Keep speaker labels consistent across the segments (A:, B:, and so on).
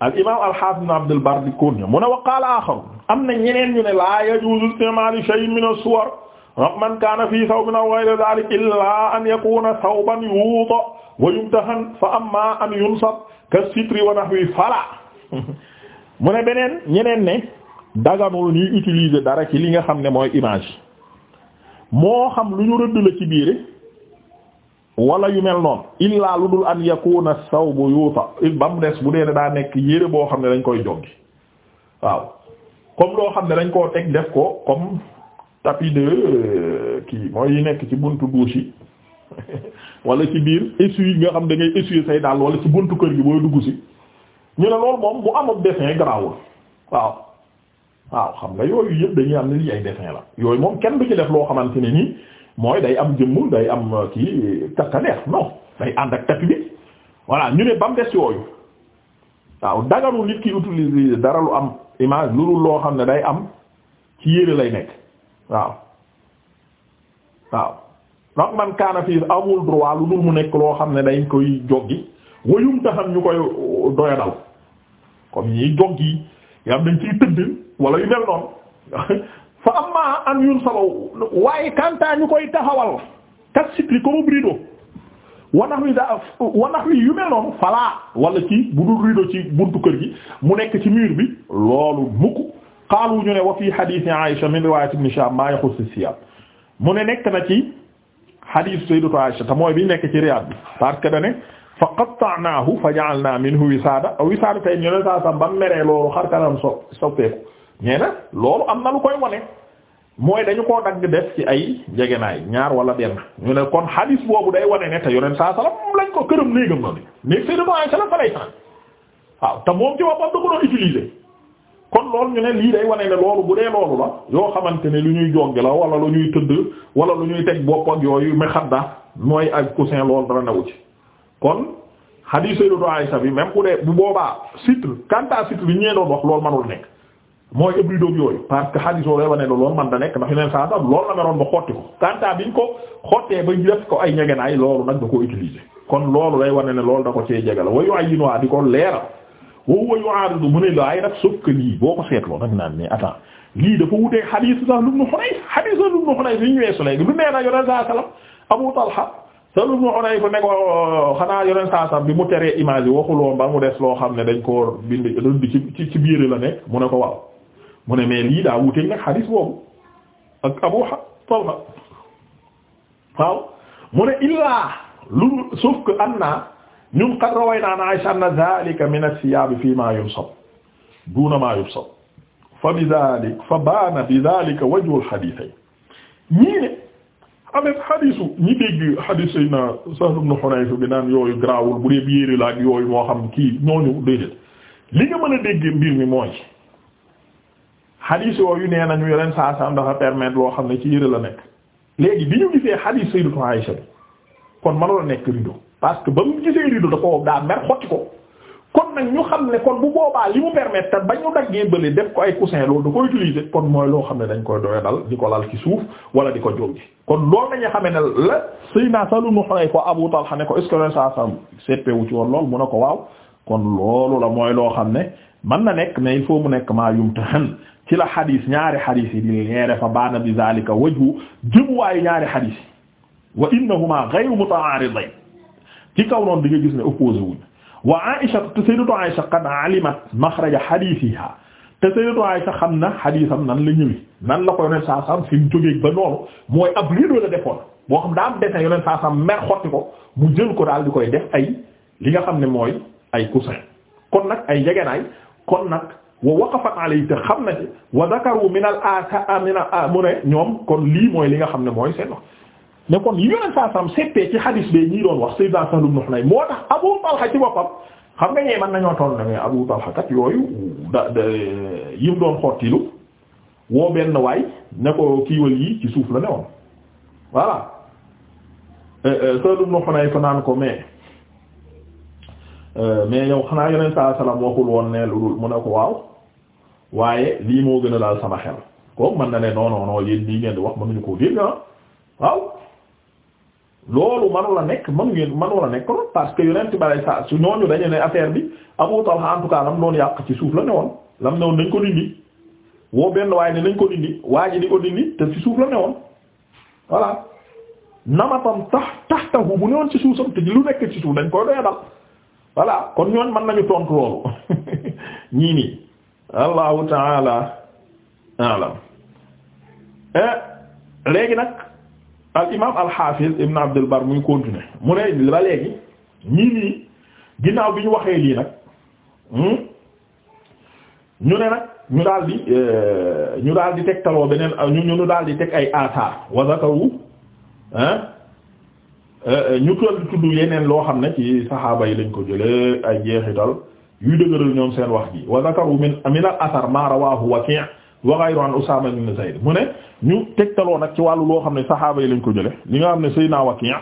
A: al imaam al haafid ibn Abdul Barr di koon mu ne wa qaala aaxaru am na ñeneen ñu ne laa yajuuzu isticmaalu shay'in min as-suwar man kaana fii thawbin aw ghayri dhaalika illaa an yakuuna thawban yuudaa wa yumtahan fa ammaa an yunsab ka-sitri wa nahwihi falaa mu ne beneen ñeneen ne daganul ñuy utiliser dara ci li nga xam ne mooy image moo xam lu ñu rëdd la ci biir wala yu mel noonu illaa lu dul an yakuna sawbu yuuta ba mu des bu dee ne daa nekk yére boo xam ne dañ koy joggi waaw comme loo xam ne dañ koo def ko comme tapis de euh, kii mooy yi nekk ci buntu douche yi wala ci biir essuie nga xam da ngay essuyer say dàll wala ci buntu kër gi booy dugg si ñu ne loolu moom bu amul dessin garaawul waaw waaw xam nga yooyu yëpp dañuy am ni ay dessin la yooyu moom kenn du ci def loo xamante ne nii mooy day am jëmm day am euh, kii kattaneex non day ànd ak tatu bi ñu ne ba yooyu waaw dagaru nit ki utiliser dara lu am image lu dul loo xam ne day am ci yére lay nekk waaw waaw ndax man kaana fii amul droit lu dul mu nekk loo xam ne dañ koy joggi wayum taxam ñu koy euh, doyadal comme ñiy joggi yi am dañ ciy tëdd wala yu mel noonu fa amma an yunsabahu waaye kanta ñu koy taxawal kat sikli comme rideau wa wi da wanax wi yu mel noonu falaa wala ci bu dul rideau ci buntu kër gi mu nekk ci mur bi loolu mukk xaalu ñu ne wa fii hadith Aisha min riwayat Ibn Shihab ma yaxus siyab mu ne nekk na ci hadith sayyidatu Aisha te mooy bi nekk ci Riyad bi parce que dane fa qatta'nahu fa ja'alna minhu wisaada wisaada tay ñone saa sa bam meree loolu xar kanam so soppeeku ñee na loolu am na lu koy wane mooy dañu koo dagg def ci ay naa ñaar wala benn ñu ne kon hadis boobu day wane ne te yoneen saa salaam lañ ko këram néegam noonu néeg seen dama ay salaam fa lay waaw te moom ci boppam da ko doon kon loolu ñu ne lii day wane ne loolu bu dee loolu la yoo xamante ne lu ñuy joggi la wala lu ñuy tëdd wala lu ñuy teg bopp ak yooyu mais xam da mooy ak coussin loolu dara newu ci kon hadis Sayyidatu Aisha bi me bu dee bu boobaa sitre quant à sitre li manul nekk mooy ëpp rideau yooyu parce que xadiis yooyu wane la loolu man da nekk ndax yeneen saa sax loolu la meroon ba xotti ko kanta biñ ko xottee ba def ko ay ñegenaay loolu nag da ko utiliser kon loolu lay wane ne loolu da ko cee jege la wayu ay yinuwaa di ko leeral woowu wayu aaridu mu ne laay nag sauf que lii boo ko seetloo nag naan mais attends lii dafa wutee xadiis sax lu mu xonay xadiis sax lu mu xonay suñu weesu léegi lu nee na yoneen saa salam Abu Talha sa lu mu xonay fa ne ko xanaa yoneen saa bi mu teree image yi waxuloon ba mu des loo xam ne dañ ko bind biir la mu ne ko waaw mu ne mais lii daa wuteeg nag xadis boobu ak Abu Talha waaw mu ne illaa lu sauf que an naa ñun anna zaalika min as-siyaab fii maa yubsat duuna maa yubsat fa bi bi zaalika wajhul hadiisayn ñii ne avec xadisu ñi dégg xadis yi na Sahl ibn Hunayf bi naan yooyu garaawul bu dee bi yéere yooyu moo xam kii ñooñu déedéet li nga mën mi mooy. xadiis yooyu nee nañu yeneen saa saam dafa permettre loo xam ne ci yëre la nekk léegi bi ñu gisee xadiis Sayyidatu Aisha bi kon mënula nekk rido parce que ba mu gisee rido da ko daa mer xotti ko kon nag ñu xam ne kon bu boobaa li mu permettre ba ñu daggee bële def ko ay coussin loolu da ko kon mooy loo xam ne dañ koy doya dal di ko lal ci suuf wala di ko jóggi kon loolu nañu xamee ne la Sayyidina Sahl mu xolay ko Abu ne ko est-ce que leen saa saam seppe mu ne ko waaw kon loolu la mooy loo xam ne mën na nekk mais il faut mu nekk maa ci la xadis ñaari xadis yi di ñeere fa baana bi zalika wajhu jëmuwaayu ñaari xadis yi wa innahuma ghayru muta'aridayn ci kaw noonu di nga gis ne opposé wuñu wa Aïcha te sayyidatu Aïcha qad alimat makhraja hadithiha te sayyidatu Aïcha xam na haditham nan la ñëwi nan la ko yoneen saa sam fi ba noonu mooy ab rido la defoon boo xam daa am dessin yoneen saa ko mu jël ko daal di koy def ay li nga xam ne mooy ay coussin kon ay njegenaay kon wa waqafan alayhi te xam na ci wa dakaru min al asa min mu ne ñoom kon lii mooy li nga xam ne mooy seen wax ne kon yi yoneen saa sam settee ci hadis bee ñii doon wax sayyidna Sahl ibn Hunayf moo tax Abu Talha ci boppam xam nga ñee mën nañoo toll ne mais Abu Talha kat yooyu da yim doon xottilu woo benn waay ne ko kiiwal yi ci suuf la ne woon voilà eh, eh, Sahl ibn Hunayf naan ko mais eh, mais yow xanaa yoneen saa salaam waxul woon ne lu dul mu ko waaw waaye lii moo gën a daal sama xel kooku mën na ne non non non lii ngeen di wax mënuñu koo dégg ah waaw loolu manu la nekk manu ngeen manu la nekk parce que yonent balay sa su ñooñu dañu ne affaire bi Abu Talha en tout cas lam doon yàq ci suuf la ne woon lam ne woon nañ ko dindi woo benn waaye ne nañ ko dindi waa ji di ko dindi te ci suuf la ne woon voilà namatam tax tax taxu bu ne woon ci suufam te lu nekk ci suuf dañ koy doya dal voilà kon ñooñ mën nañu tontu loolu allahu taala alam eh, léegi nag al imaam al xaafiz ibn abdul bar muy continuer mu ne ba léegi ñii nii ginnaaw bi ñu waxee lii nag hmm, ñu ne nag ñu daal eh, ñu daal di teg taloo beneen ñu ñu daal di teg ay asaar wa eh, ñu toll tudd yeneen loo xam ne ci saxaaba yi lañ ko jële ay jeexital yuy dëgëral ñoom seen wax ji wa zakaru min min al athar ma rawahu waki' wa ghayru an Usaama ibn Zayd mu ne ñu tegtaloo nag ci wàllu loo xam ne saxaaba yi lañ ko jële li nga xam ne Seydina Waki'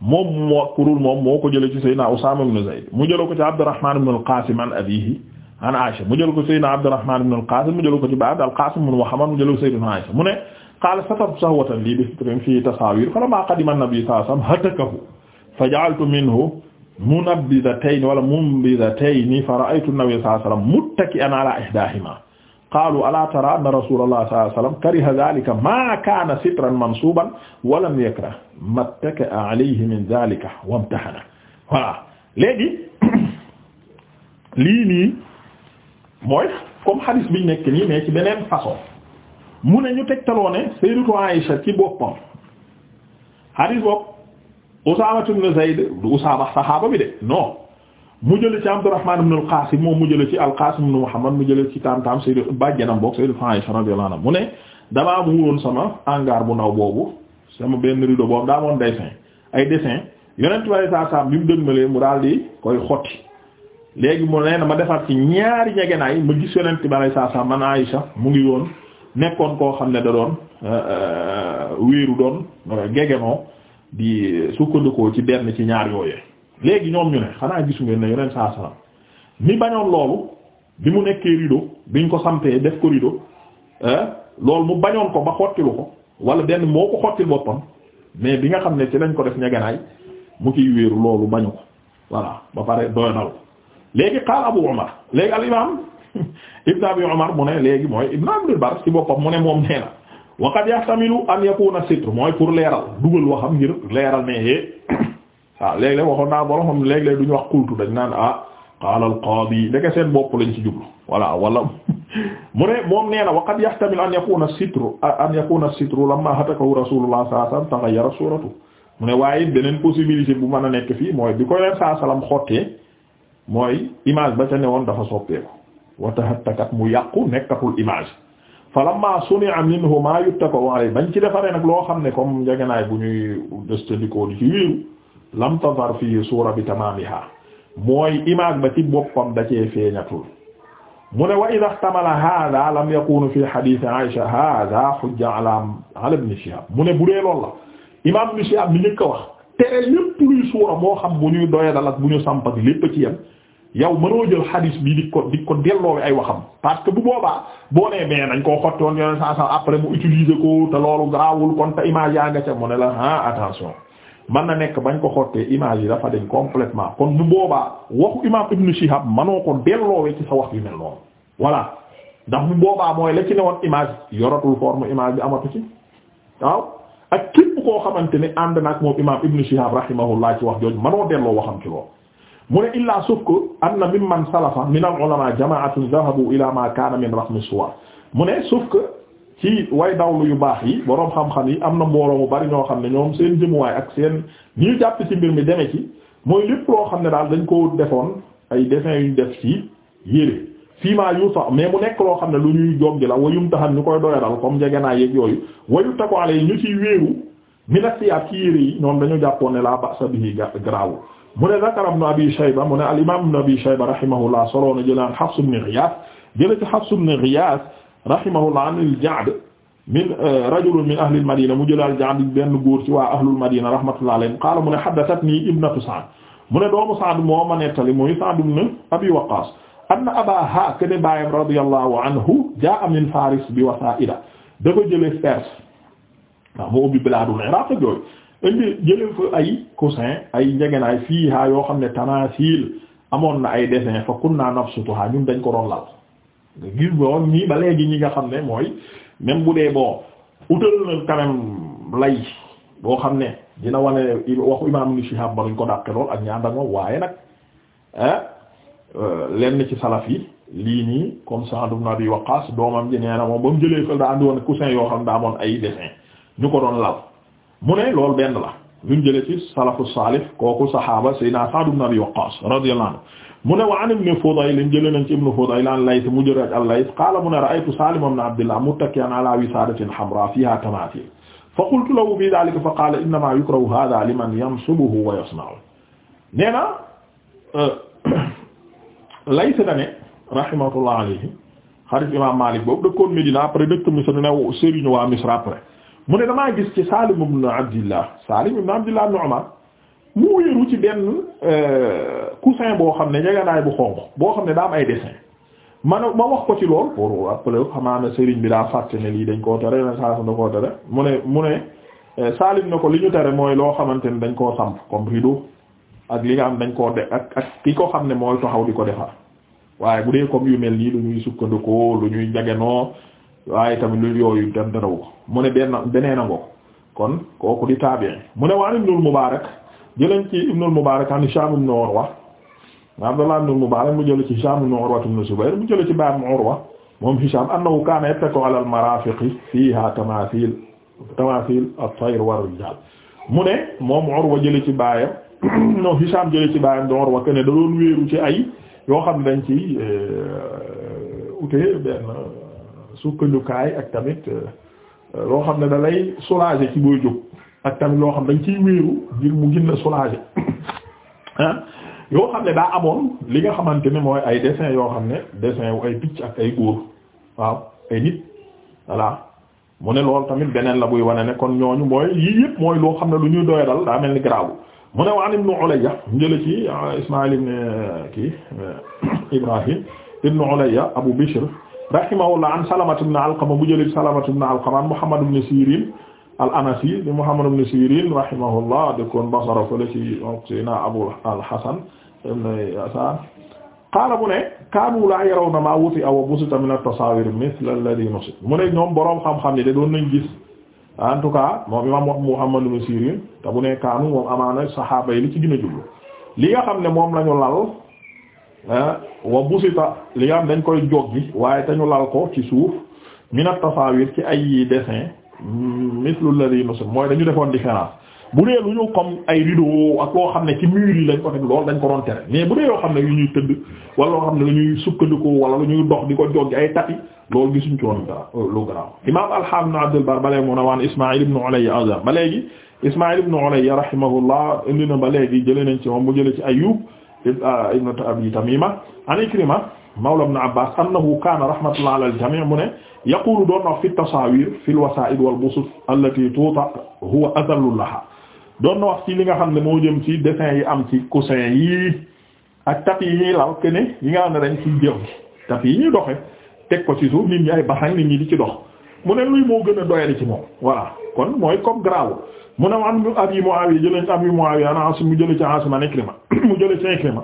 A: moom moo kurul moom moo ko jële ci Seydina Usaama ibn Zayd mu jële ko ci Abdurrahmaan ibn al-Qaasim an abiihi an Aysa mu jële ko Seydina Abdurrahmaan ibn al-Qaasim mu jële ko ci baab al-Qaasim ibn Muhammad mu jële ko Seydina Aysa mu ne qaala satartu sahwatan lii bi fii tasaawiir falammaa qadima an-nabiyyu sallallaahu alayhi wa sallam hatakahu fa ja'altu minhu munabbidatayni wala munbidatayni fa ra'aytu an-nabiy sallallahu alayhi wa sallam muttaki'an ala ihdahima qaalu alaa taraa anna rasuulallaah sallallaahu alayhi wa sallam kariha dhaalika maa kaana sitran mansuuban wa lam yakrah mattaka'a alayhi min dhaalika wa imtahana voilà léegi lii nii mooy comme hadith biñ nekk nii mais ci beneen façon mu ne ñu tegtaloo ne Sayyidatu Aïsha ci boppam hadith bopp Usaama ibn Zayd du Usaama saxaaba bi de non mu jële ci Abdurrahmaan ibn al-Qaasim moom mu jële ci al-Qaasim ibn Muhammad mu jële ci taam-taam Sayyidu bàjjanam boog Sayyidu Aisha radiyallahu anha mu ne damaa muuroon sama hangar bu ndaw boobu sama benn rideau boobu daa moon dessin ay dessin yonent bi saa saam bi mu dëgmalee mu daal di koy xotti léegi mu nee na ma defar ci ñaari ñegenaay ma gis yonent bi saa saam man Aisha mu ngi woon nekkoon koo xam ne da doon euh, euh, wéeru doon euh, gegenoo di sukkandikoo ci benn ci ñaar yooyee léegi ñoom ñu ne xanaa gisu ngeen ne neen saa salaam mi bañoon loolu bi mu nekkee rideau biñ ko sampee def ko rideau loolu mu bañoon ko ba xottilu ko wala benn moo ko xottil boppam mais bi nga xam ne ci lañ ko def ñeganaay mu ciy wéeru loolu bañu ko voilà ba pare doyonal léegi qaal Abu Umar léegi al imam Ibn Abi Umar mu ne léegi mooy Ibn Abdul Bar ci boppam mu ne moom nee wa qad yahtamilu an yakuna sitr mooy pour leeral dugal waxam ngir leeral ne é eh waaw léeg-léeg waxoon naa borom xam léeg du duñu wax kultu dañ naan ah qaala al qaadi ndeke seen bopp lañ ci jublu voilà wala mu ne moom nee na wa qad yahtamilu an yakuna sitru an yakuna sitru lamma hatakahu rasulullah sallallahu alayhi wasallam taghayyara suratu mu ne waaye beneen possibilité bu man a nekk fii mooy bi koy leen saa salam xottee mooy image ba ca ne woon dafa soppeeku wataxattakat mu yàqu nekkatul image falamma suni'a minhu ma yuttakaw alayhi bañ ci defaree nag loo xam ne comme njegenaay bu ñuy dëstandikoo di ci wiiru lam tazar fii suura bi tamaamiha mooy image ba ci boppam da cee feeñatul mu ne wa idha ihtamala hadha lam yakunu fi hadith Aisha hadha hujja ala ala ibn Shihab mu ne bu dee loolu la imam ibn Shihab mi njëkk a wax tere lépp luy suura moo xam bu ñuy doyadal ak bu ñu samp ak lépp ci yem yow mënoo jël xadis bi di ko di ko delloowe ay waxam parce que bu boobaa boo nee mais nañ koo xottoon yoneen saa saa après mu utiliser ko te loolu garaawul kon te image yaa nga ca mu ne la ah attention mën na nekk bañ ko xottee image yi dafa dañ complètement kon bu boobaa waxu imam Ibn Shihab manoo ko delloowe ci sa wax yu mel noonu voilà ndax bu boobaa mooy la ci ne woon image yoratul forme image bi amatu ci waaw ak képp koo xamante ne ànd nag moom imam wax jooju manoo delloo waxam ci mu ne illaa sauf que am na mimman salafa min al ulama jamaatun dhahabu ila ma kaana min rasmi suwar mu ne sauf que ci way dawlu yu baax yi boroom xam-xam yi am na mbooloo mu bari ñoo xam ne ñoom seen jëmuwaay ak seen ni ñu jàpp ci mbir mi deme ci mooy lépp loo xam ne daal dañ ko defoon ay dessin yuñ def ci yére fii maa yu sax mais mu nekk loo xam ne lu ñuy jom la wayum taxan ñu koy doyadal comme njegenaa yeeg yooyu wayu takoale yi ñu ciy wéeru mi na siyaat yi ñoom dañu jàppoon ne laa ba sa bihi garaawul mu ne zakara ibn abi shayba mu ne al imam ibn abi shayba rahimahullah soloo na jëlaan hafs ibn ghiyath jële ci hafs ibn ghiyath rahimahullah an al ja'd min euh, rajulun min ahli al madina mu jëlaal ja'd benn góor ci waa ahlul madina rahmatullah alayhim qaala mu ne haddathatni ibnatu sa'd mu ne doomu sa'd moo ma nettali muy sa'd ibn abi waqqas anna abaha kene baayam radiyallahu anhu jaa'a min faris bi wasaa'ida da ko jële Perse waaw mu ubbi bilaadul iraq ak yooyu indi jëlee fa ay coussin ay njegenaay fii ha yoo xam ne tamasil amoon na ay dessin fa kunna nabsutuha ñun dañ ko doon lal nga gis boon ñii ba léegi ñi nga xam ne mooy même bu dee bon utal na quand lay boo xam ne dina wane waxu imam ni Shihab ba duñ ko dàqe lool ak ñaan danga waaye nag ah euh, lenn ci salaf yi lii nii comme Sa'd naa Abi Waqqas doomam ji nee na moom ba jëlee fa daa andi woon coussin yoo xam daa amoon ay dessin ñu ko doon mu ne loolu benn la luñ jëlee ci salafu salih kooku sahaaba sayyidina Sa'd ibn Abi Waqqas radiyallahu anhu mu ne wa an ibn Fudayl lañ jëlee nañ ci ibn Fudayl an Layth mu jëlee ak al-Layth qaala mu ne ra'aytu Salim ibn Abdillah muttaki'an ala wisaadatin hamraa fiihaa tamaathil fa qultu lahu fii dhaalika fa qaala innamaa yukrahu haadhaa liman yansubuhu wa yasna'uhu nee na euh, Layth na ne rahimahullah alayhi xarit imam Malik boobu dëkkoon Médina après dëkk Misra ne sëriñu waa Misra après mu ne damaa gis ci Salim ibn Abdillah Salim ibn Abdillah ibn Umar mu wéeru ci benn euh, coussin boo xam ne ñeganaay bu xonq boo xam ne daa ay dessin ma ma wax ko ci lool pour appeler xamaa na sëriñ bi daa fàtte ne lii dañ koo tere na saasam da koo tere mu ne mu ne euh, Salim na ko li ñu tere mooy loo xamante ne dañ koo samp comme rideau ak li nga xam dañ koo de ak ak ki ko xam ne mooy taxaw di ko defar waaye bu comme yu mel nii lu ñuy sukkandikoo lu ñuy waaye tamit lu yooyu dem darawu ko mu ne benn beneen a ngo kon kooku di tabi'i mu ne waan ibnul Mubarak jëlañ ci ibnul Mubarak an Hisham ibn Urwa Abdullah ibnul Mubarak mu jële ci Hisham ibn Urwa ibn Zubayr mu jële ci baam Urwa moom Hisham annahu kaana yattaki'u ala al-marafiqi fiha tamathil tamathil at-tayr wa ar mu ne moom Urwa jële ci baayam non Hisham jële ci baayam di Urwa ken da doon ci ay yoo xam ne dañ ci euh, ute benn sukkandukaay ak tamit euh, euh, loo xam ne da lay soulager ci booy jóg ak tamit loo xam dañ ciy wéeru ngir mu gën a soulager ah yoo xam ne daa amoon li nga xamante ne mooy ay dessin yoo xam ne dessin wu ay picc ak ay góor waaw ay nit voilà mu ne loolu tamit beneen la buy wane ne kon ñooñu mooy yii yëpp mooy loo xam ne lu ñuy doya dal daa mel ni garaawu mu ne waan ibnu Ulayya njële ci euh, Ismaïl ibn kii Ibrahim ibnu Ulayya Abu Bishr rahimahullah an Salamata ibn Alqama bu jëlee Salamata ibn Alqama an Muhammad ibn Sirin al-Anasi di Muhammad ibn Sirin rahimahullah dëkkoon Basra fële ci Seydina Abu al-Hasan ibn Yasar qaala mu ne kaanu laa yarawna wa busita min at-tasawir mithla alladhi nusit mu ne ñoom boroom xam-xam ne da doon nañ gis en tout cas moom imam wax Muhammad ibn Sirin te bu ne kaanu moom amaana li ci gën a jublu li nga xam ne moom lañu lal wa busita li am dañ koy joggi waaye te ñu lal ko ci suuf mina tasawir ci ay dessin mithlu alladhi nusim mooy dañu defoon différence bu dee lu ñu comme ay rideau ak loo xam ne ci mur yi lañ ko teg lool dañ ko doon tere mais bu dee yoo xam ne yu ñuy tëdd wala loo xam ne lu ñuy sukkandiku wala lu ñuy dox di ko joggi ay tapi loolu gisuñ ci woon euh, lu garaaw imam alhamd na abdul bar balee mu ne waan ismail ibnu ulayya azar ba léegi ismail ibnu ulayya rahimahullah indi na ba léegi jëlee nañ ci moom mu jëlee ci ayub ibn Abi Tamima an Ikrima mawla ibn Abbas annahu kana rahmatullah ala al-jami' mu ne yaqulu doon na wax fi tasawir fi al-wasa'id wa busut allati tuta huwa adallu laha doon na wax ci li nga xam ne moo jëm ci dessin yi am ci coussin yi ak tapis yi ñuy lal que yi nga xam ne dañ ciy jëm tapis yi ñuy doxe teg ko ci suuf nit ñi ay basan nit ñi di ci dox mu ne luy moo gën a doyale ci moom voilà kon mooy comme graw mu ne am abi Muawiya jëlee am abi an Asim mu mu jële ci Ikrima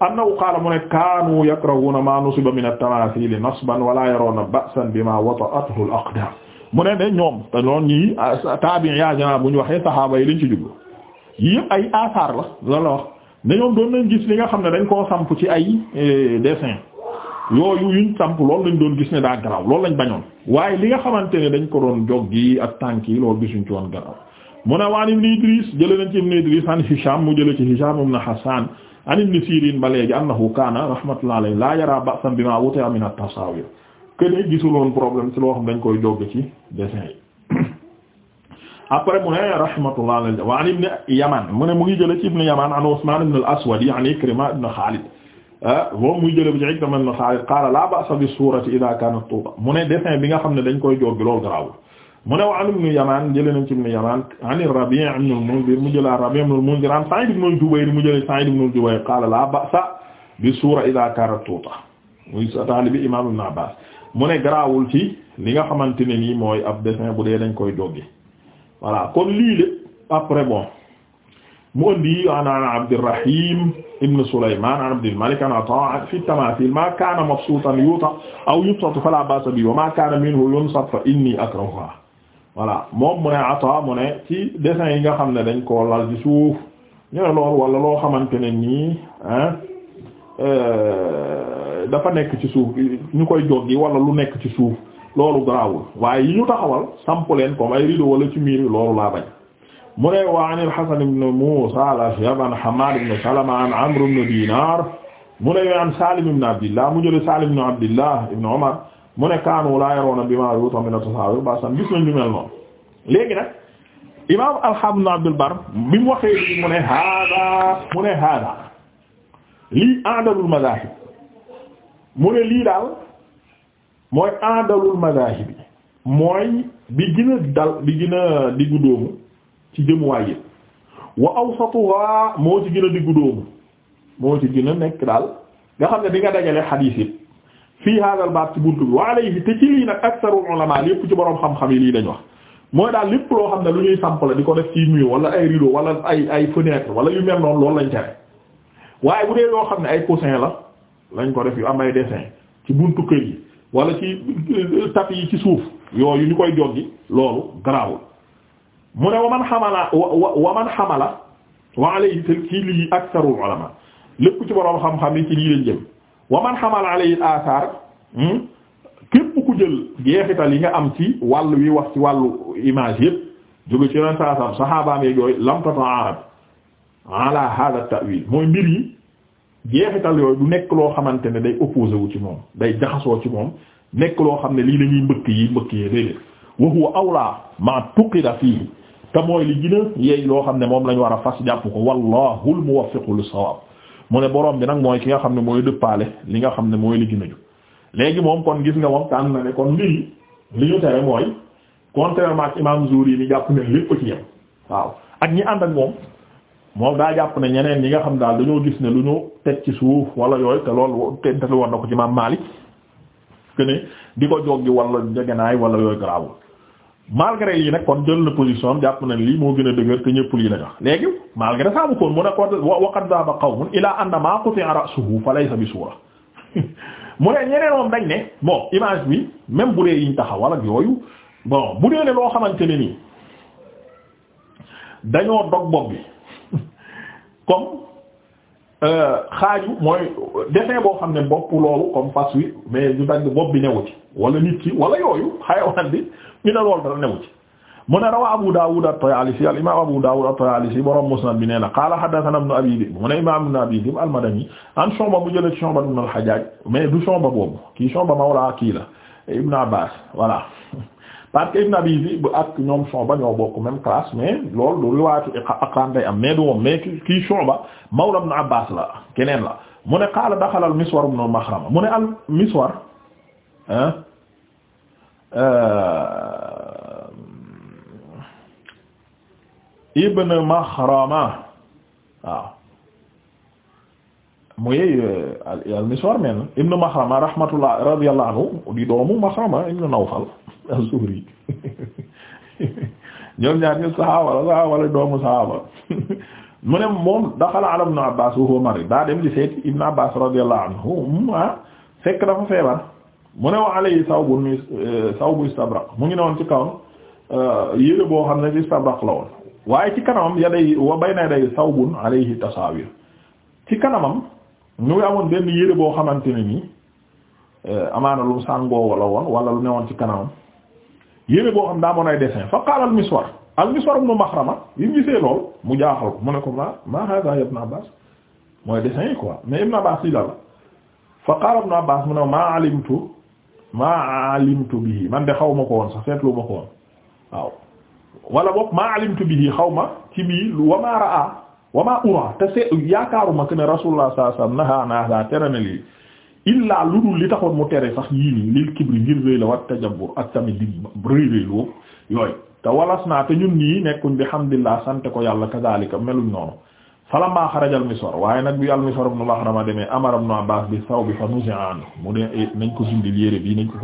A: annahu qaala mu ne kaanu yakrahuuna maa nusiba min at-tamaasiil nasban wala yarawna ba'san bimaa wata'athu al-aqdaam mu ne ne ñoom te loon ñii tabi'i ya janaa bu ñu waxee saxaaba yi liñ ci jublu yii yëpp ay asaar la loolu la wax ne ñoom doon nañ gis li nga xam ne dañ koo samp ci ay eh, dessin yooyu yuñ samp loolu lañ doon gis ne daa garaaw loolu lañ bañoon waaye li nga xamante ne dañ ko doon jog gi ak tànk yi loolu gisuñ ci woon garaaw mu ne waan ibn Idris jële nañ ci an Hisham mu jële ci Hisham ibn Hasan an ibn Sirin ba léegi kaana rahmatullahi alayhi la yara ba'san bima wuti'a min at-tasawir kenn gisuloon problème ci loo xam dañ koy dogg ci dessin yi mu ne rahmatullah alayhi wa an ibn Yaman mu ne mu ngi jële ci ibn Yaman an Usman ibn al-Aswad an Ikrima ibn Khalid ah, moom muy jële bi ci Ikrima ibn Khalid qala la ba'sa bi surati idha kanat tuba mu ne dessin bi nga xam ne dañ koy joggi loolu garaawul mu ne wa an ibn Yamaan jëlee nañ ci ibn Yamaan an Rabi' ibn al-Munzir mu jëlee Rabi' ibn al-Munzir an Sa'id ibn Jubayr mu jëlee Sa'id ibn Jubayr qaala laa ba'sa bi suura idhaa kaanat tuuta muy sa taalibi imaam Ibn Abbaas mu ne garaawul ci li nga xamante ne nii mooy ab dessin bu dee dañ koy joggi voilà kon lii lépp après bon mu andi an Abdurrahim ibn Sulaymaan an Abdil Malik an Ataa fi tamaathil maa kaana mabsuutan yuuta aw yubsatu falaa ba'sa bihi wa maa kaana minhu yunsat fa innii akrahuhaa voilà moom mu ne ata mu ne ci dessin yi nga xam ne dañ koo lal ci suuf ñu ne loolu wala loo xamante ne nii euh, dafa nekk ci suuf ñu koy joggi wala lu nekk ci suuf loolu garaawul waaye yi ñu taxawal samp leen comme ay rideau wala ci miir loolu laa bañ mu ne wa an al-Hasan ibn Musa al-Ashhab an Hammad ibn Salama an Amr ibn Dinar mu ne an Salim ibn Abdillah mu jële Salim ibn Abdillah ibn Umar mu ne kaanu laa yaroona bima yuta min tasawir basan gis nañ lu mel noonu léegi nag imam alhamdulillah Abdul Bar bi mu waxee lii mu ne hada mu ne hada lii aadalul madahib mu ne lii daal mooy aadalul madahib yi mooy bi gën a dal bi gën a diggu dóomu ci jëmuwaay yi wa awsatuha moo ci gën a diggu dóomu moo ci gën a nekk daal nga xam ne di nga dajale xadiis yi fii haadal baab ci buntu bi wa alayhi te ci lii nag aktharul ulama lépp ci boroom xam-xam yi lii dañ wax mooy daal lépp loo xam ne lu ñuy samp la di ko def ci mur wala ay rideau wala ay ay fenêtre wala yu mel noonu loolu lañ tere waaye bu dee yoo xam ne ay coussin la lañ ko def yu am ay dessin ci buntu kër yi wala ci tapis yi ci suuf yooyu ñu koy joggi loolu garaawul mu ne wa man xamala wa man xamala wa alayhi te ci lii aktharul ulama lépp ci boroom yi ci wa man xamal alayhi athar hmm, képp ku jël jeexital yi nga am ci wàll wi wax ci wàllu image yëpp jóge ci yeneen saa saam saxaabaam yeeg yooyu lam ala hada ta'wil mooy mbir yi jeexital yooyu du nekk loo xamante ne day opposé ci moom day jaxasoo ci moom nekk loo xam ne lii la ñuy mbëkk yi mbëkk yee déedéet wa huwa awla ma tuqida fiihi te mooy li gën a yeey loo xam ne moom la ñu war a fas jàpp ko wallahul muwaffiqu lis-sawab mu ne borom bi nag mooy ki nga xam ne mooy dëppaale li nga xam ne mooy li na jub léegi moom kon gis nga moom tànn na ne kon mbiri li ñu tere mooy contrairement ak imam Zuhri ni jàpp ne lépp ci waaw ak ñi ànd moom moom daa jàpp ne ñeneen ñi nga xam daal dañoo gis ne lu ñu teg ci suuf wala yooyu te loolu te te war na ko ci imam maali que ne di ko joggi wala jegenaay wala yooyu garaawul malgré yi nag kon jël na position am jàpp na lii moo gën a dëgër te ñëpp lii la wax léegi malgré ça bu kon mu ne ko waqad dhaba qawmun ila anna ma quti'a ra'suhu fa laysa bi suura mu ne ñeneen moom dañ ne bon image bi même bu dee yiñ taxawal ak yooyu bon bu dee ne loo xamante ne nii dañoo dog bopp bi comme euh, xaaju mooy dessin boo xam ne bopp loolu comme fas wi mais ñu dagg bopp bi newu ci wala nit ki wala yooyu xayawaan bi ñu ne loolu dara newu ci mu ne rawa Abu Dawud at-Tayalisi al imam Abu Dawud at-Tayalisi borom Musnad bi nee qaala haddathana ibn Abi Dhib mu ne imam ibn Abi Dhib al-Madani an Shu'ba mu jëlee Shu'ba ibn al-Hajjaj mais du Shu'ba boobu kii Shu'ba mawla kii la Ibn Abbas parce que Ibn Abi Dhib ak ñoom Shu'ba ñoo bokk même classe mais loolu du riwaayatu aqran day am mais du moom mais kii Shu'ba mawla ibn Abbas la keneen la mu ne qaala daxala al-Miswar ibn Makhrama ibn Maxrama waaw muy al-Miswar men ibn Maxrama rahmatullah radiyallahu anhu di doomu Maxrama ibn Nawfal az ñoom ñaar ñu saxaaba la saxaaba la doomu saxaaba mu ne moom daxala ala ibn Abbaas wa huwa daa dem di seet ibn Abbaas radiyallahu anhu ah fekk dafa feebar mu ne wa alayhi sawbun euh, sawbu istabraq mu ngi ne woon ci kaw euh, yére boo xam ne ci istabraq la woon waaye ci kanamam yaday wa bayna yaday sawbun alayhi tasawir ci kanamam ñu ngi amoon benn yére boo xamante ne nii eh, amaana lu sàngoo wala woon wala lu newoon ci kanamam yére boo xam daa amoon ay dessin fa qaala al miswar al miswar ibn maxrama yi mu gisee lool mu jaaxal ko mu ne ko ma ma hada ibn abbas mooy dessin yi quoi mais ibn abbas yi la la fa qaala ibn mu ne ma alimtu ma alimtu bii man de xaw ko woon sax seetlu ma ko woon wala boog maa alimtu bihi xaw ma ci bii wa maa raa wa maa ura te se yaakaaruma que ne rasulullah sallallahu alayhi naa nahaana tere na lii illaa lu dul li taxoon mu tere sax yii nii lil kibri ngir rëy wa wat tajabbur ak tamit di rëy rëyloo yooyu te walas naa te ñun nii nekkuñ bi hamdillah sante ko yàlla kadhalika meluñ noonu falamma xaraja al miswar waaye nag bi al miswar ibn Maxrama demee amara ibn Abbaas bi saw bi fa nuzi'an mu ne eh, nañ ko dindil yére bii nañ ko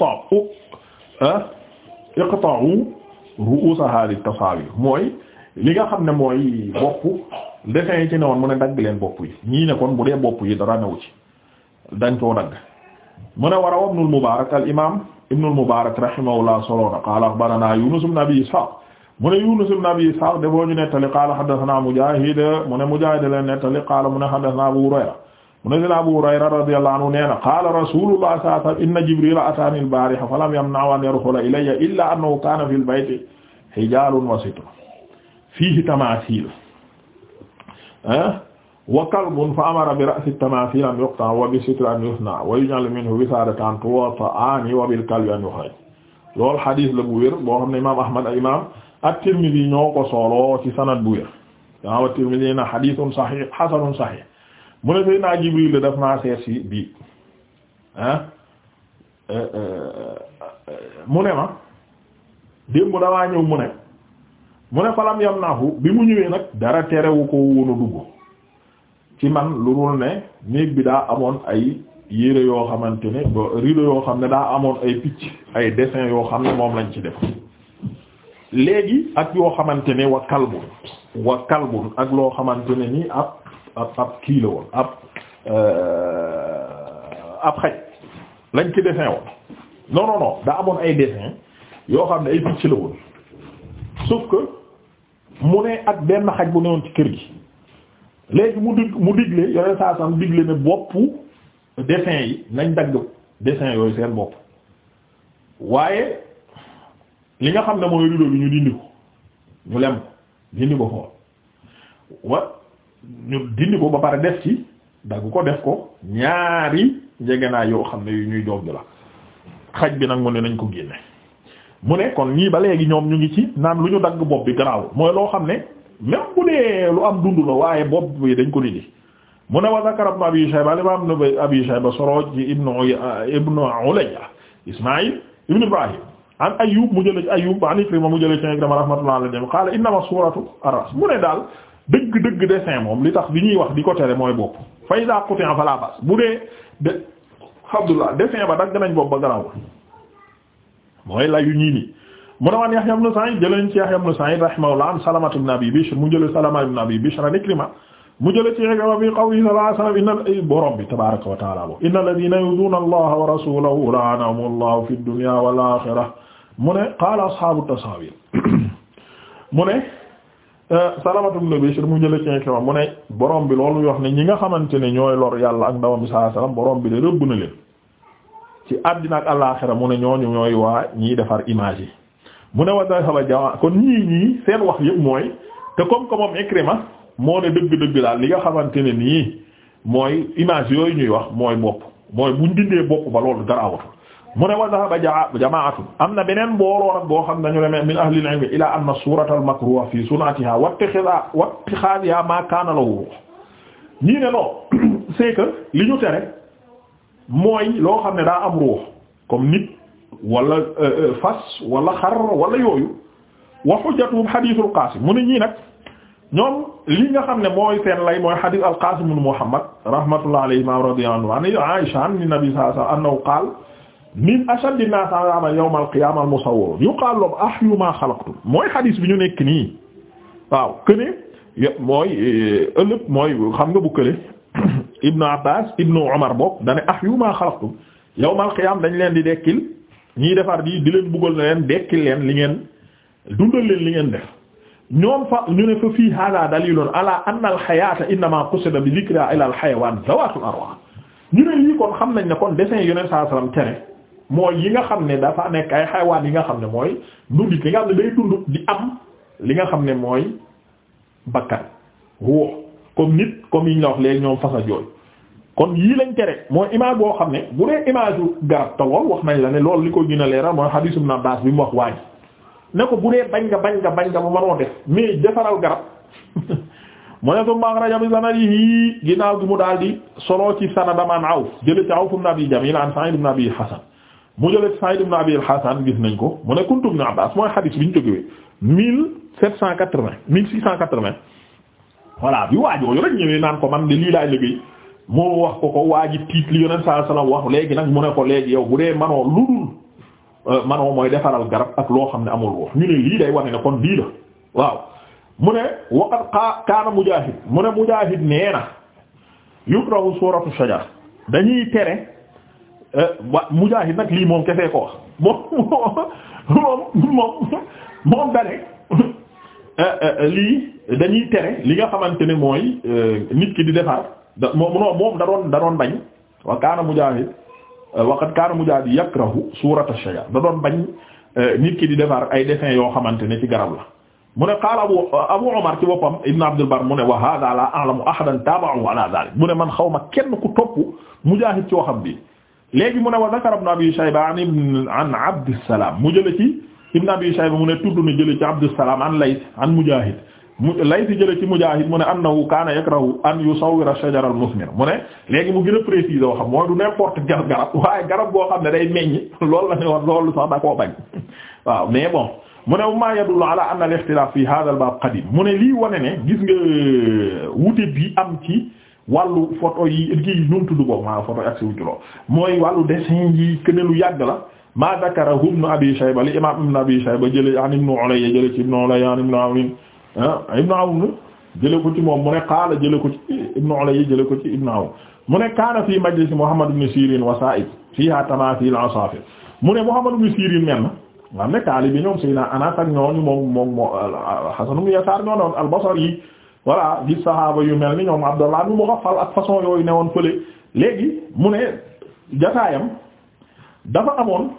A: a Ah, iqta'u ru'usa hadhihi tasawir mooy li nga xam ne mooy bopp dessin yi ci newoon mu ne dagg leen bopp yi ñii ne kon bu dee bopp yi dara newu ci dañ koo dagg mu ne war a ibnul Mubaarak al imaam ibnul Mubaarak rahimahullah qaala axbaranaa Yuunus ibn Abi Ishaaq mu ne Yuunus ibn Abi Ishaaq dafoo nettali qaala mu ne Mujaahid leen nettali qaala mu ne haddasanaa Abu Hurayra mu ne Abu Hurayra radiyallahu anhu nee na qaala rasulullah sallallahu alayhi wa sallam inna jibrila ataani al-baariha falam yamna'hu an yadkhula ilayya illa annahu kaana fil bayti hijaalun wa sitrun fiihi tamaasil ah, wa kalbun fa amara bi ra'si tamaasil an yuqta'a wa bi sitri an yusna'a wa yuj'alu minhu wisaadatan tuwatta'aani wa bil kalbi an yukhraj loolu xadis la bu wér boo xam ne imaam Ahmad ak imaam at-Tirmidhi ñoo ko solo ci sanad bu wér waaw at-Tirmidhi na xadisun saxiix xasanun saxiix mu ne sëy naa Jibril la daf seet si bii ah, euh, euh, mu ne ma démb damaa ñëw mu ne mu ne falam yam naafu bi mu ñëwee nag dara terewu ko woon a dugg ci man lu dul ne néeg bi daa amoon ay yére yoo xamante ne ba yoo xam ne daa amoon ay picc ay dessin yoo xam ne moom lañ ci def léegi ak yoo xamante ne wa kalbun wa kalbun ak loo xamante ne nii ab ab ab kii la woon ab euh, ab xaj lañ ci dessin woon non non daa amoon ay dessin yoo xam ne ay picc la woon sauf que mu ne ak benn xaj bu ne woon ci kër gi léegi mu dig mu digle yore saa sam digle ne boppu dessin yi nañ dagg dessin yooyu seen bopp waaye li nga xam ne mooy rideau bi ñu dindi ko ñu lem dindi ko wa ñu dindi ko ba pare def ci dagg ko def ko ñaari njegenaay yoo xam ne yu ñuy joggi la xaj bi nag mu ne nañ ko génne mu ne kon ñii ba léegi ñoom ñu ngi ci naan lu ñu dagg bopp bi garaawul mooy loo xam ne même bu dee lu am dund la waaye bopp bi dañ ko dindi mu ne wa zakara ibn abi shayba al imam ibn abi shayba soro ci ibnu ibnu ulayya ismail ibn ibrahim an ayyub mu jël ci ayyub an ikrima mu jële ci ikrima rahmatullahi alayhi qala innama suratu ar-ras mu daal dëgg-dëgg dessin moom li tax li ñuy wax di ko tere mooy bopp fay daa xutin fala bas bu dee de Abdullah dessin ba dagg nañ bopp ba garaw mooy layu ñii nii mu ne waan Yahya ibn Sa'id jëleen ci Yahya ibn Sa'id rahimahullah an Salama ibn Abi Bishr mu jële Salama ibn Abi Bishr an Ikrima mu jële ci Ikrima bi qawli sallallahu alayhi wa sallam inna eh, borom bi tabaraka wa ta'ala bo inna alladhina yu'dhuna allaha wa rasulahu la'anahum allahu fi dunya wal akhirah mu ne qala ashabu tasawir mu ne Euh, Salamatu ibn Bishr mu jëlee ci Ikrima mu ne borom bi loolu wax ne ñi nga xamante ne ñooy lor yàlla ak ndawam sallallahu alayhi borom bi de rëbb na leen ci àddina ak àllaaxira mu ne ñooñu ñooy waa ñiy defar image yi mu ne wa dahaba jamaa kon ñii ñii seen wax yëpp mooy te comme que moom Ikrima moo ne dëgg-dëgg daal li nga xamante ne nii mooy image yooyu ñuy wax mooy bopp mooy buñ dindee bopp ba loolu dara awatu mu ne wa dhahaba jamaatu am na beneen mbooloo nag boo xam dañu ne min ahlil ilmi ila anna suurata al-makruha fi sunatiha wattixaadiha ma kaana lahu ñii ne non c'est que li ñu tere mooy loo xam ne daa am ruux comme nit wala euh, euh, fas wala xar wala yooyu wa hujjatuhum hadithul qaasim mu ne ñii nag ñoom li nga xam ne mooy seen lay mooy hadith al-qaasim ibn muhammad rahmatullahi alayhi ma radiya anhu an Aisha an nabi sallallahu alayhi wa sallam annahu qaala min ashaddi an-nas 'adhaban yawm al-qiyamah al-musawwar yuqalu lahum ahyu ma khalaqtum mooy xadis bi ñu nekk nii waaw këne mooy euh, ëllëg mooy xam nga bu kële ibnu abbas ibnu umar bokk dane ahyu ma khalaqtum yawm al dañ leen di dekkil ñiy defar di di leen buggal na leen dekkil leen li ngeen dundal leen li ngeen def ñoom fa ñu ne fa fii hada dalilun ala anna al-hayata innama qusida bi dhikra ila al-hayawan zawatul arwah ñu ne lii kon xam nañ ne kon dessin yoneen saa mooy yi nga xam ne dafa nekk ay xaywaan yi nga xam ne mooy dundit li nga xam ne day dund di am li nga xam ne mooy bakkan ruux comme nit comme yi ñu la wax léegi ñoom fasa jooy kon yii lañ tere mooy image boo xam ne bu dee image u garab talool wax nañ la ne loolu li ko gën a leeral mooy hadith Ibn Abbas bi mu wax waaji ne ko bu dee bañ nga bañ nga bañ nga ba mënoo def mais defaral garab mu ne su maaraja bi sanadihi ginnaaw gi mu daal di solo ci sanadamaan Awf jële ci Awf ibn Abi Jamil an Sa'id ibn mu jëlee Saïd ibn Abi al-Hasan gis nañ ko mu ne kuntu ibn Abbas mooy xadis bi ñu jógewee mille sept cent quatre-vingt mille six cent quatre-vingt voilà bi waajooyu rek ñëwee naan ko man de lii laay liggéey moo wax ko ko waa ji tiit li yoneen saa salaam wax léegi nag mu ne ko léegi yow bu dee manoo ludul euh, manoo mooy defaral garab ak loo xam ne amul wax ñu ne lii day wane ne kon lii la waaw mu ne waqat xaa kaana Mujaahid mu ne Mujaahid nee na yukrahu suuratu shajar dañuy tere Euh, wa Mujaahid nag lii moom kefee ko wax moom moom moom moom euh, euh, lii dañuy tere li nga xamante ni mooy nit ki di defar da moom non moom da doon da doon bañ wa kaana Mujaahid waqad kaana Mujaahid yakrahu suurata shayaan da doon bañ nit ki di defar ay dessin yoo xamante ne ci garab la mu ne qaala abu abu Umar ci boppam Ibn Abdul mu ne wa haadaa laa a'lamu ahadan taaba'ahu ala daalik mu ne man xaw ma kenn ku topp Mujaahid ci waxam bi léegi mu ne wa zakara ibn abi shayba an ibn an abdussalam mu jële ci ibn abi shayba mu ne tudd na jële ci abdussalam an layth an mujahid layth jële ci mujahid mu ne annahu kaana yakrahu an yusawwira shajara al musmir mu ne léegi mu gën oo xam mooy du n'importe quel garab waaye garab boo xam ne day meññ loolu la ne woon loolu sax da koo bañ waaw mais bon mu ne ma yadullu ala anna al ixtilaaf fi hadha al qadim mu ne lii wane ne gis nga wute bi am ci wàllu photo yi kii nu mu tudd boobu maa photo yi ak si wuñ mooy wàllu dessin yi que lu yàgg la maa dakara ibn Abi Shayba li imaam ibn Abi Shayba jëlee an ibn Ulayya jëlee ci ibn Ulayya ah ko ci moom mu ne qaala jëlee ko ci ibn Ulayya jëlee ko ci ibn mu ne kaana fii majlis Muhammad ibn Sirin wasaa'id fiihaa tamaasiil asaafir mu ne Muhammad ibn Sirin mel na xam ne taalibe ñoom Seydina Anas ak ñooñu moom moom Hasan ibn Yasaar ñoo doon al-Basri yi. voilà gis saxaaba yu mel ni ñoom Abdallah ibn Mughaffal ak façon yooyu newoon fële léegi mu ne jataayam dafa amoon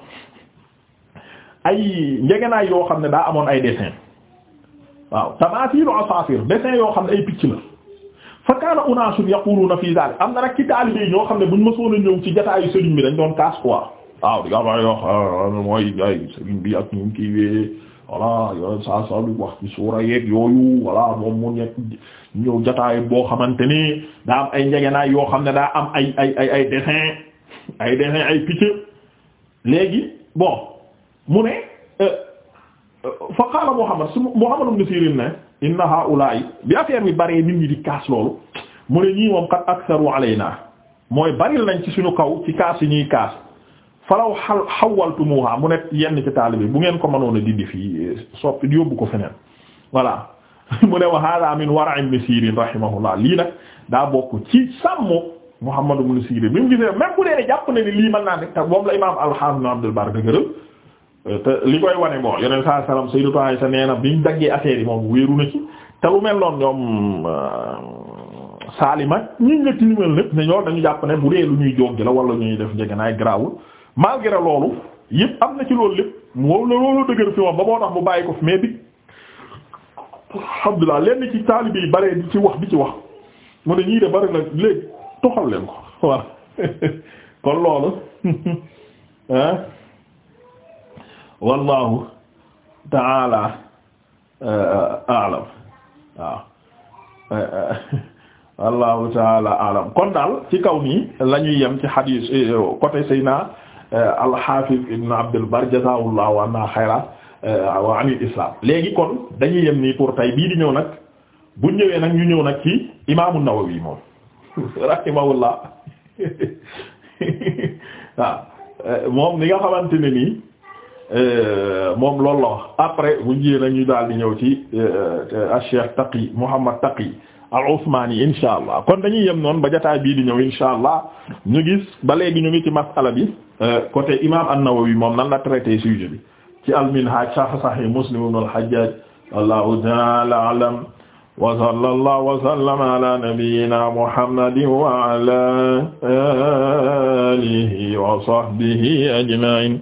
A: ay njegenaay yoo xam ne daa amoon ay dessin waaw tamaatilu asaafir dessin yoo xam ne ay picc la fa kaana unaasun yaquluuna fii daal am na nag ci taalibe yi ñoo xam ne buñ mësoon a ñëw ci jataayu sëriñ bi dañ doon kaas quoi waaw di nga wax mooy ay sëriñ bi ak ñu kii voilà yooyu saa saa lu wax ci suura yeeg yooyu voilà moom mu nekk ñëw jotaay boo xamante ni daa am ay njegenaay yoo xam ne daa am ay ay ay ay dessin ay dessin léegi bon mu ne euh, fa qaala Muhammad su Muhammad ibn Sirin ne inna haa'ulaa'i bi affaire bi bëree nit ñi di kaas loolu mu ne ñii moom kat aktharu alaynaa mooy baril nañ ci suñu kaw ci kaas yi ñuy kaas falaw xal xawaltumuha mu ne yenn ci taalibi bu ngeen ko mënoon a dindi fii soppi yóbbu ko feneen voilà mu ne wa hada min wara ibn Sirin rahimahullah lii nag daa bokk ci sàmm Muhammad ibn Sirin bi mu gisee même bu dee jàpp na ni lii mën naa ne te moom la imaam al-Hasan Abdul Barr dëgëral te li koy wane bon yeneen saa salaam Sayyidatu Aisha nee na biñ daggee affaire yi moom wéeru na ci te lu mel noonu ñoom euh, Salima ñi nga tilimal lépp ne ñoo dañu jàpp ne bu dee lu ñuy joggi la ñuy def njëgën ay garaawul. malgré loolu yëpp am na ci lool lépp moom la loolu dëgër fi moom ba moo tax mu bàyyi ko fi mais bi alhamdulilah lenn ci taalibe yi bare di ci wax di ci wax mu ne ñii de bari na léegi toxal leen ko voilà kon loolu ah wallahu taala euh, alam waaw euh, euh, wallahu taala alam kon daal ci kaw nii la ñuy yem ci hadis côté Seyna Euh, al-Hafiz Ibn Abdul Bar jazaahullahu anna xayra euh, wa anil islam léegi kon dañuy yem nii pour tay bii di ñëw nag bu ñëwee nag ñu ñëw nag ci imaamu Nawawi moom rahimahullah waaw euh, moom ni nga xamante ne nii Euh, moom loolu la après bu njiyee nag ñu daal di ñëw ci euh, euh, Cheikh Taqi Muhammad Taqi al-Usmani insha allah kon dañuy yem noonu ba jotaay bii di ñëw insha allah ñu gis ba léegi ñu ngi ci masala bi côté imam an-Nawawi moom nan la traité sujet bi ci al-Minhaj sharh Sahih Muslim ibn al-Hajjaj wallahu ta'ala a'lam wa sallallahu wa sallama ala nabiyyina Muhammadin wa ala alihi wa sahbihi ajma'in